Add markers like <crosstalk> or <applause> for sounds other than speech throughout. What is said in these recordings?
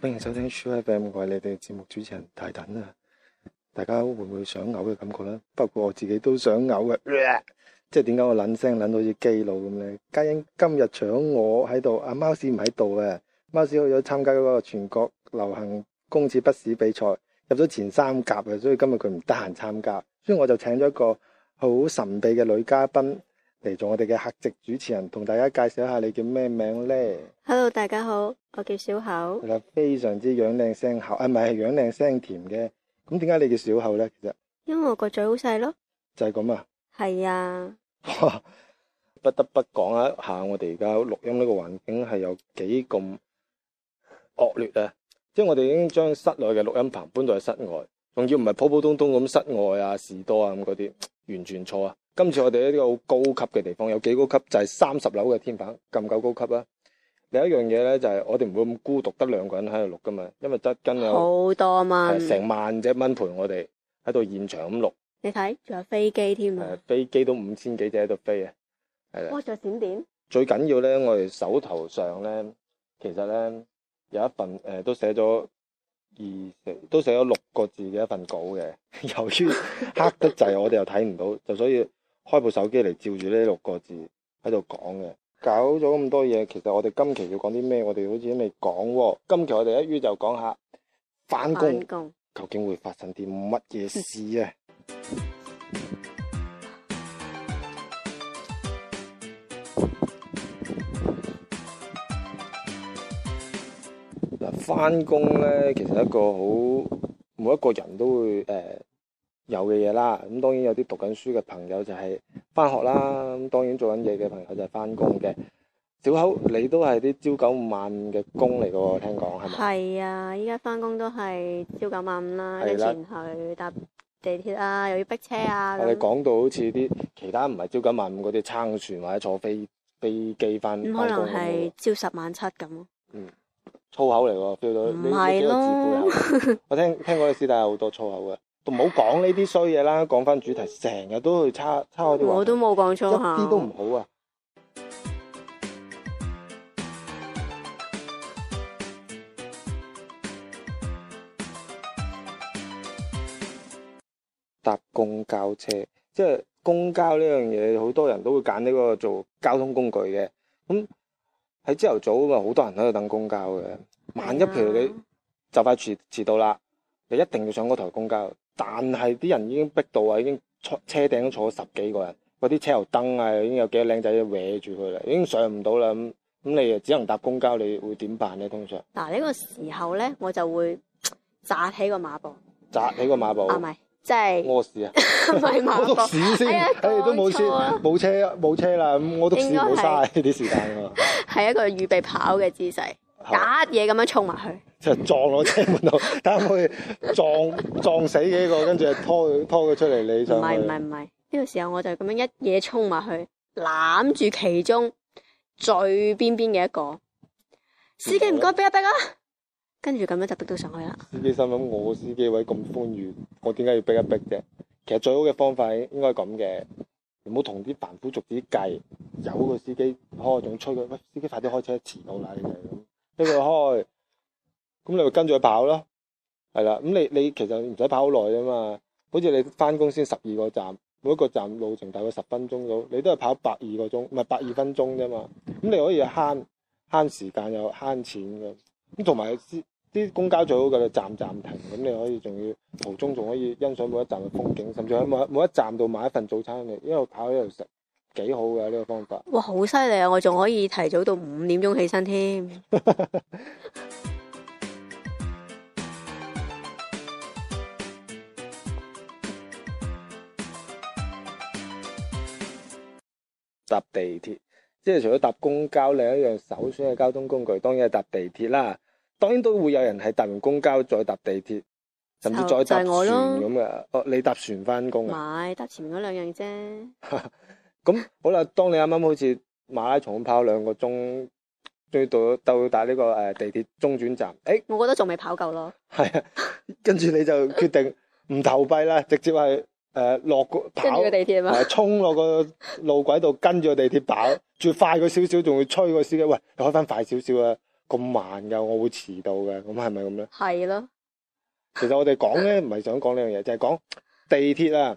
歡迎收聽 SooFM 你哋節目主持人大等啊！大家會唔會想嘔嘅感覺咧？不過我自己都想嘔嘅，呃，即係點解我捻聲捻到好似基佬咁咧？嘉欣今日搶我喺度，阿貓屎唔喺度嘅，貓屎去咗參加嗰個全國流行公子不屎比賽，入咗前三甲嘅，所以今日佢唔得閒參加，所以我就請咗一個好神秘嘅女嘉賓。嚟做我哋嘅客席主持人，同大家介紹一下，你叫咩名咧？Hello，大家好，我叫小口。係啦，非常之養靚聲口，啊唔係養靚聲甜嘅。咁點解你叫小口咧？其實因為我個嘴好細咯。就係咁啊。係啊。 <laughs> 不得不講一下，我哋而家錄音呢個環境係有幾咁惡劣啊！即係我哋已經將室內嘅錄音棚搬到去室外，仲要唔係普普通通咁室外啊士多啊咁嗰啲，完全錯啊！今次我哋喺啲好高級嘅地方，有幾高級？就係三十樓嘅天棚，咁夠，夠高級啦。另一樣嘢咧就係我哋唔會咁孤獨，得兩個人喺度錄噶嘛，因為得跟有好多嘛、呃，成萬隻蚊陪我哋喺度現場咁錄。你睇仲有飛機添啊、呃！飛機都五千幾隻喺度飛啊！哇！仲、哦、閃點。最緊要咧，我哋手頭上咧，其實咧有一份誒、呃、都寫咗二四，都寫咗六個字嘅一份稿嘅。由於 <laughs> 黑得滯，我哋又睇唔到，就所以。開部手機嚟照住呢六個字喺度講嘅，搞咗咁多嘢，其實我哋今期要講啲咩？我哋好似都未講。今期我哋一於就講下返工，究竟會發生啲乜嘢事啊？嗱，返工咧，其實一個好每一個人都會誒。有嘅嘢啦，咁當然有啲讀緊書嘅朋友就係翻學啦，咁當然做緊嘢嘅朋友就係翻工嘅。小口，你都係啲朝九晚五嘅工嚟嘅喎，聽講係咪？係啊，依家翻工都係朝九晚五啦，之前去搭地鐵啊，又要逼車啊。我哋講到好似啲其他唔係朝九晚五嗰啲，撐船或者坐飛飛機翻。唔可能係朝十晚七咁。嗯，粗口嚟喎，叫做 feel 到唔自備 <laughs> 我聽聽過你師弟有好多粗口嘅。唔好講呢啲衰嘢啦，講翻主題，成日都去差叉開啲話題，我都冇講錯下，啲都唔好啊！搭 <music> 公交車，即係公交呢樣嘢，好多人都會揀呢個做交通工具嘅。咁喺朝頭早啊嘛，好多人喺度等公交嘅。萬一譬如你就快遲遲到啦，你一定要上嗰台公交。但係啲人已經逼到啊，已經坐車頂都坐咗十幾個人，嗰啲車頭燈啊已經有幾多靚仔都歪住佢啦，已經上唔到啦咁，咁你啊只能搭公交，你會點辦咧？通常嗱呢個時候咧，我就會扎起個馬步，扎起個馬步唔咪即係屙屎啊？唔係馬步，屙屎先，哎、欸、都冇車，冇車冇車啦，咁我篤屎冇晒啲時間喎，係一個預備跑嘅姿勢。打嘢咁樣衝埋去是，就撞落車門度，等 <laughs> 佢撞 <laughs> 撞死幾個，跟住拖佢拖佢出嚟，你就唔係唔係唔係？呢、這個時候我就咁樣一嘢衝埋去，攬住其中最邊邊嘅一個是是司機，唔該，逼一逼啦、啊，跟住咁樣就逼到上去啦。司機心諗：我司機位咁寬裕，我點解要逼一逼啫？其實最好嘅方法應該咁嘅，唔好同啲凡夫俗子計，有個司機開仲催佢，喂，司機快啲開車，遲到啦！你一路開，咁你咪跟住跑咯，係啦。咁你你其實唔使跑好耐啫嘛。好似你翻工先十二個站，每一個站路程大概十分鐘到，你都係跑百二個鐘，唔係百二分鐘啫嘛。咁你可以慳慳時間又慳錢嘅。咁同埋啲公交最好噶就站站停，咁你可以仲要途中仲可以欣賞每一站嘅風景，甚至喺每每一站度買一份早餐嚟，一路跑一路食。幾好噶呢、啊這個方法！哇，好犀利啊！我仲可以提早到五點鐘起身添。搭 <laughs> 地鐵，即係除咗搭公交，另一樣首選嘅交通工具，當然係搭地鐵啦。當然都會有人係搭完公交再搭地鐵，甚至再搭船咁啊、就係我囉！哦，你搭船翻工啊？唔係搭前面嗰兩樣啫。 <laughs> 咁好啦，當你啱啱好似馬拉松跑兩個鐘，追到到達呢個誒地鐵中轉站，誒、欸，我覺得仲未跑夠咯。係啊，跟住你就決定唔投幣啦，直接係誒落個跑跟住地鐵嘛，衝落個路軌度跟住個地鐵跑，最快個少少，仲會催個司機，喂，你開翻快少少啊，咁慢噶，我會遲到嘅，咁係咪咁咧？係咯，其實我哋講咧，唔係想講呢樣嘢，就係、是、講地鐵啊。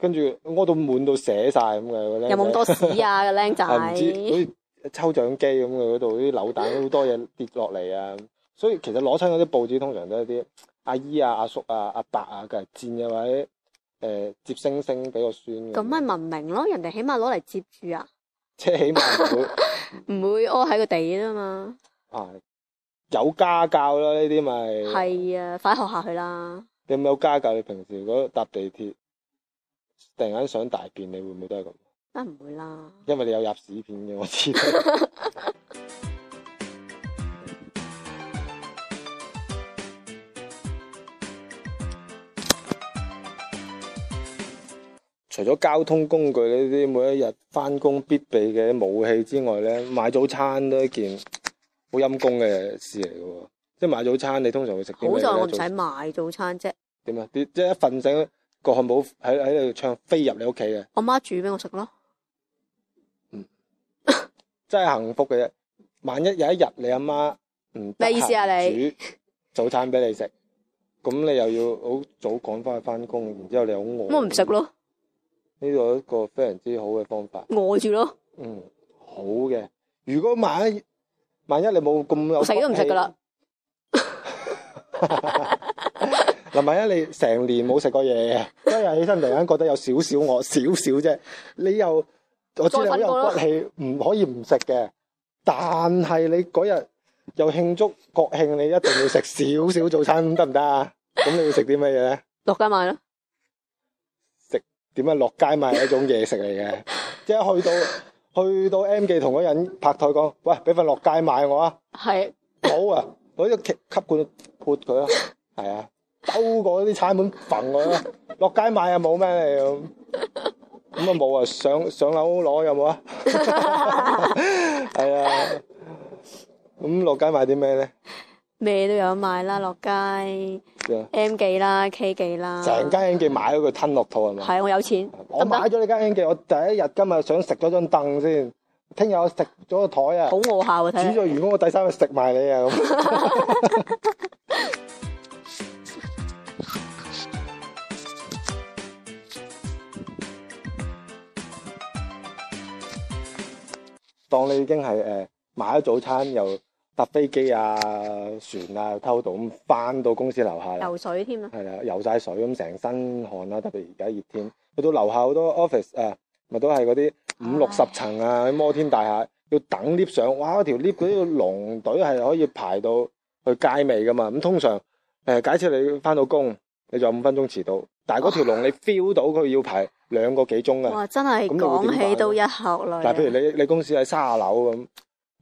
跟住屙到滿到寫晒，咁嘅，有冇咁多屎啊？個僆仔，好 <laughs> 似抽獎機咁嘅嗰度啲扭蛋好 <laughs> 多嘢跌落嚟啊！所以其實攞親嗰啲報紙通常都係啲阿姨啊、阿叔啊、阿伯啊，佢係攢嘅或者、呃、接星星俾個孫。咁咪文明咯，人哋起碼攞嚟接住啊，即係起碼唔 <laughs> <laughs> <laughs> <laughs> 會唔會屙喺個地吖嘛。啊，有家教啦，呢啲咪係啊，快學下去啦。你有冇家教？你平時如果搭地鐵，突然間想大便，你會唔會都係咁？梗、啊、唔會啦，因為你有入屎片嘅，我知道。 <laughs> 除咗交通工具呢啲，每一日翻工必備嘅武器之外咧，買早餐都係一件好陰功嘅事嚟嘅。即係買早餐，你通常會食啲咩？好在我唔使買早餐啫。點啊？啲即係一瞓醒。個漢堡喺喺度唱飛入你屋企嘅，媽媽我媽煮俾我食咯，嗯， <laughs> 真係幸福嘅啫。萬一有一日你阿媽唔咩意思啊你？你煮早餐俾你食，咁你又要好早趕翻去翻工，然之後你好餓，咁我唔食咯？呢度有一個非常之好嘅方法，餓住咯，嗯，好嘅。如果萬一萬一你冇咁我食都唔食噶啦。 <laughs> <laughs> 嗱、啊，埋一你成年冇食過嘢，今日起身突然間覺得有少少餓，少少啫。你又我知你好有骨氣，唔可以唔食嘅。但係你嗰日又慶祝國慶，你一定要食少少早餐得唔得啊？咁你要食啲乜嘢咧？落街買咯，食點啊？落街買係一種嘢食嚟嘅， <laughs> 即係去到去到 M 記同嗰人拍台講，喂，俾份落街買我啊！係，好啊，攞啲吸管潑佢咯，係啊。收嗰啲餐盤焚我啦，落街買又冇咩嚟咁，咁啊冇啊，上上樓攞有冇啊？係啊，咁落街買啲咩咧？咩都有得買啦，落街 M 記啦，K 記啦，成間 M 記買咗佢吞落肚係嘛？係啊，我有錢。我買咗呢間 M 記，我第一日今日想食咗張凳先，聽日我食咗個台啊，好我效啊，睇。只在如果我第三日食埋你啊咁。當你已經係誒、呃、買咗早餐，又搭飛機啊、船啊、偷渡咁翻到公司樓下，游水添啊！係啦，游晒水咁成身汗啦，特別而家熱天，去到樓下好多 office 啊，咪都係嗰啲五六十層啊，okay. 摩天大廈要等 lift 上，哇！條 lift 嗰啲龍隊係可以排到去街尾噶嘛，咁通常誒，假、呃、設你翻到工，你仲有五分鐘遲到。但係嗰條龍你 feel 到佢要排兩個幾鐘嘅，哇！真係講起都一刻咯。嗱，譬如你你公司喺卅樓咁，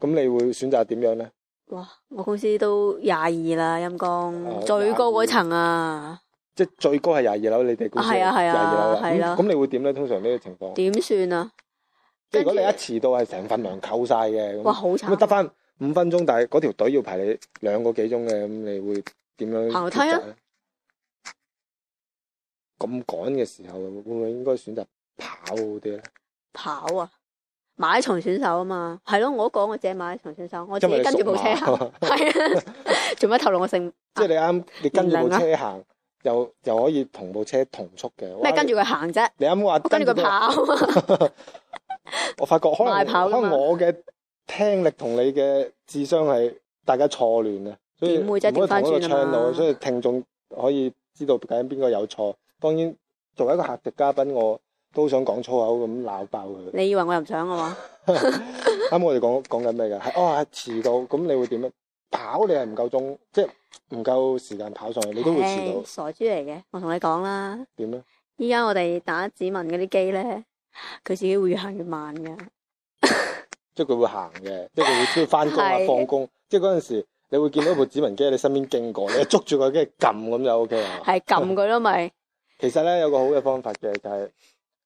咁你會選擇點樣咧？哇！我公司都廿二啦，陰公、啊、最高嗰層啊！即係最高係廿二樓，你哋公司廿二樓。咁、啊、咁、啊啊啊啊、你會點咧？通常呢個情況點算啊？即係如果你一遲到係成份糧扣晒嘅，哇！好慘，得翻五分鐘，但係嗰條隊要排你兩個幾鐘嘅，咁你會點樣？我睇啊。咁趕嘅時候，會唔會應該選擇跑嗰啲咧？跑啊，馬拉松選手啊嘛，係咯，我講講我自己馬拉松選手，我自己跟住部車行，係啊，做乜透露我姓？即係你啱，你跟住部車行，啊、又又可以同部車同速嘅。咩？跟住佢行啫。你啱啱話跟住佢跑、啊。 <laughs> <laughs> 我發覺可能，跑可能我嘅聽力同你嘅智商係大家錯亂啊。所以，所以我我唱到，所以聽眾可以知道究竟邊個有錯。當然，作為一個客席嘉賓，我都想講粗口咁鬧爆佢。你以為我又唔想係嘛？啱 <laughs> 啱我哋講講緊咩噶？係哦，遲到咁你會點樣？跑你係唔夠鐘，即係唔夠時間跑上去，你都會遲到。欸、傻豬嚟嘅，我同你講啦。點樣？依家我哋打指紋嗰啲機咧，佢自己會越行越慢噶、 <laughs> <laughs> 啊 <laughs> 即係佢會行嘅，即係佢會翻工啊，放工。即係嗰陣時，你會見到一部指紋機喺你身邊經過，你就捉住佢個機撳咁就 OK 啦。係撳佢咯，咪？ <laughs> 其實咧有個好嘅方法嘅，就係、是、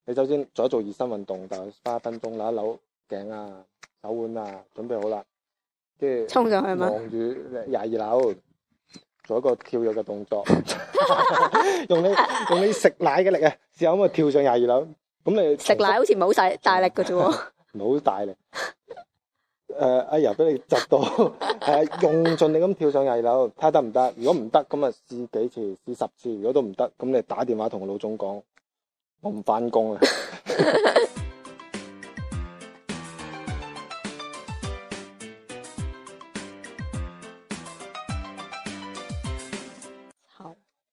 你首先做一做熱身運動，大概八分鐘，扭一扭頸啊、手腕啊，準備好啦，跟住衝上去係嘛，望住廿二樓，做一個跳躍嘅動作， <laughs> <laughs> 用你用你食奶嘅力啊，試下咁啊跳上廿二樓，咁你食奶好似冇好晒大力嘅啫喎，唔 <laughs> 好大力。誒、uh, 哎，阿爺俾你窒到，係、 <laughs> uh, 用盡力咁跳上廿二樓，睇下得唔得？如果唔得，咁啊試幾次，試十次，如果都唔得，咁你打電話同老總講，我唔翻工啦。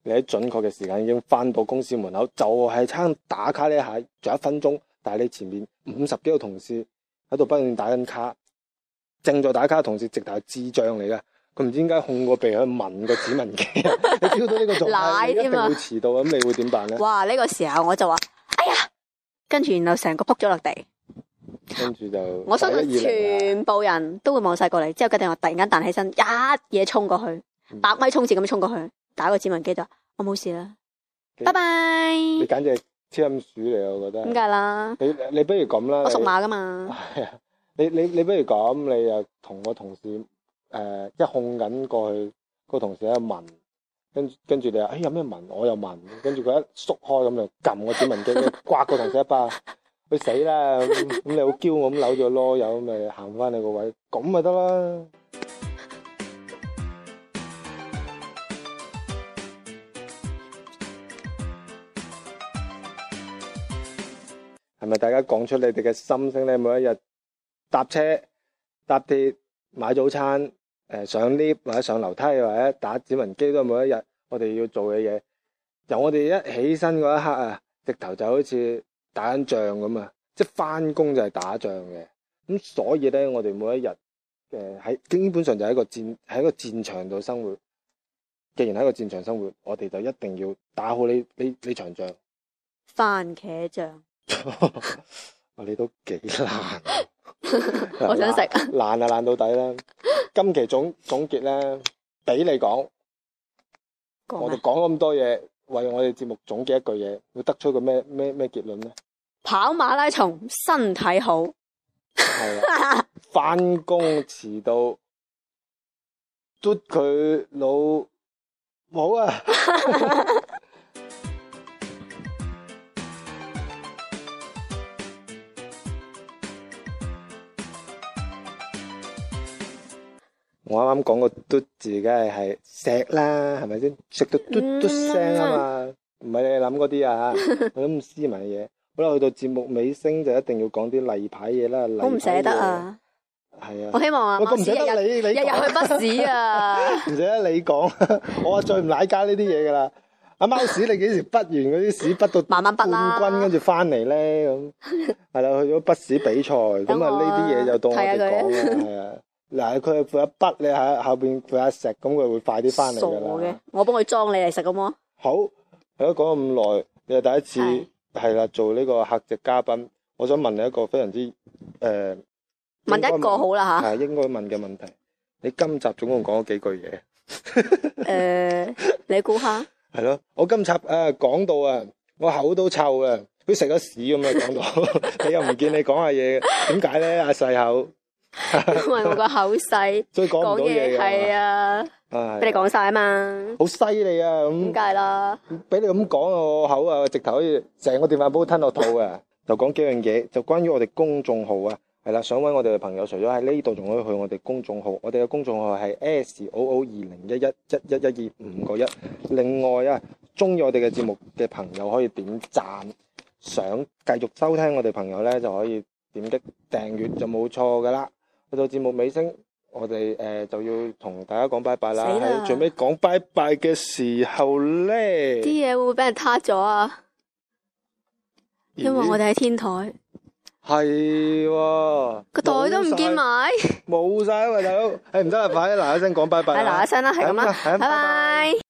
你喺準確嘅時間已經翻到公司門口，就係、是、差打卡呢一下，仲有一分鐘，但係你前面五十幾個同事喺度不斷打緊卡。正在打卡同事直頭係智障嚟㗎。佢唔知點解控個鼻去聞個指紋機， <laughs> <laughs> 你招到呢個做奶添啊！一定會遲到，咁你會點辦咧？哇！呢、這個時候我就話：哎呀！跟住然後成個撲咗落地，跟住就我相信全部人都會望晒過嚟，之後佢哋話突然間彈起身，一嘢衝過去，嗯、百米衝刺咁樣衝過去，打個指紋機就我冇事啦，拜拜！你簡直係超音鼠嚟，我覺得。點解啦？你你不如咁啦，我屬馬噶嘛。你你你不如咁，你又同個同事，誒一控緊過去，個同事喺度聞，跟跟住你話，誒有咩聞，我又聞，跟住佢一縮開咁就撳個指紋機，刮個同事一巴，去死啦咁，咁你好嬌咁扭咗囉柚，咁咪行翻你個位，咁咪得啦。係咪大家講出你哋嘅心聲咧？每一日。搭車、搭鐵、買早餐，誒上 lift 或者上樓梯或者打指紋機都係每一日我哋要做嘅嘢。由我哋一起身嗰一刻啊，直頭就好似打緊仗咁啊！即係翻工就係打仗嘅，咁所以咧，我哋每一日誒喺基本上就喺個戰喺個戰場度生活。既然喺個戰場生活，我哋就一定要打好呢你你，你場仗。番茄醬。我 <laughs> 你都幾難。 <laughs> 我想食爛啊爛到底啦！今期總總結咧，俾你講，我哋講咗咁多嘢，為我哋節目總結一句嘢，會得出個咩咩咩結論咧？跑馬拉松，身體好。係 <laughs> 啊，翻工遲到，捉佢老冇啊！我啱啱講個嘟字嘅係錫啦，係咪先？食到嘟嘟聲啊嘛，唔、嗯、係你諗嗰啲啊，咁 <laughs> 斯文嘅嘢。好啦，去到節目尾聲就一定要講啲例牌嘢啦。我唔捨得啊，係啊，我希望啊，我貓屎日日去筆屎啊，唔捨得你講，天天你天天啊、 <laughs> 你 <laughs> 我話再唔奶加呢啲嘢㗎啦。阿 <laughs> 貓、啊、屎，你幾時筆完嗰啲屎筆到慢慢冠軍，跟住翻嚟咧咁？係啦、 <laughs> 啊，去咗筆屎比賽，咁啊呢啲嘢就當我講啊。 <laughs> 嗱，佢配一筆你喺後邊配一石，咁佢會快啲翻嚟噶嘅，我幫佢裝你嚟食咁喎。好，如果講咁耐，你係第一次係啦，做呢個客席嘉賓，我想問你一個非常之誒、呃，問一個好啦吓。係應該問嘅問題，你今集總共講咗幾句嘢？誒、呃，你估下？係咯，我今集誒講、呃、到啊，我口都臭 <laughs> 啊，佢食咗屎咁啊講到，你又唔見你講下嘢，點解咧，阿細口？.因為我個口細，講嘢係啊，俾、啊啊、你講晒啊嘛，好犀利啊！點解啦？俾你咁講個口啊，直頭可以成個電話煲吞落肚啊！ <laughs> 就講幾樣嘢，就關於我哋公眾號啊，係啦，想搵我哋嘅朋友，除咗喺呢度，仲可以去我哋公眾號。我哋嘅公眾號係 s o o 二零一一一一一二五個一。另外啊，中意我哋嘅節目嘅朋友可以點讚，想繼續收聽我哋朋友咧，就可以點擊訂閱就冇錯噶啦。去到節目尾聲，我哋誒、呃、就要同大家講拜拜啦。喺最尾講拜拜嘅時候咧，啲嘢會唔會俾人撻咗啊？因為我哋喺天台，係喎個台都唔見埋，冇晒啊！啊 <laughs> 大佬，誒唔得啦， <laughs> 快啲嗱一聲講拜拜，係嗱一聲啦，係咁啦，拜拜。嗯 bye bye。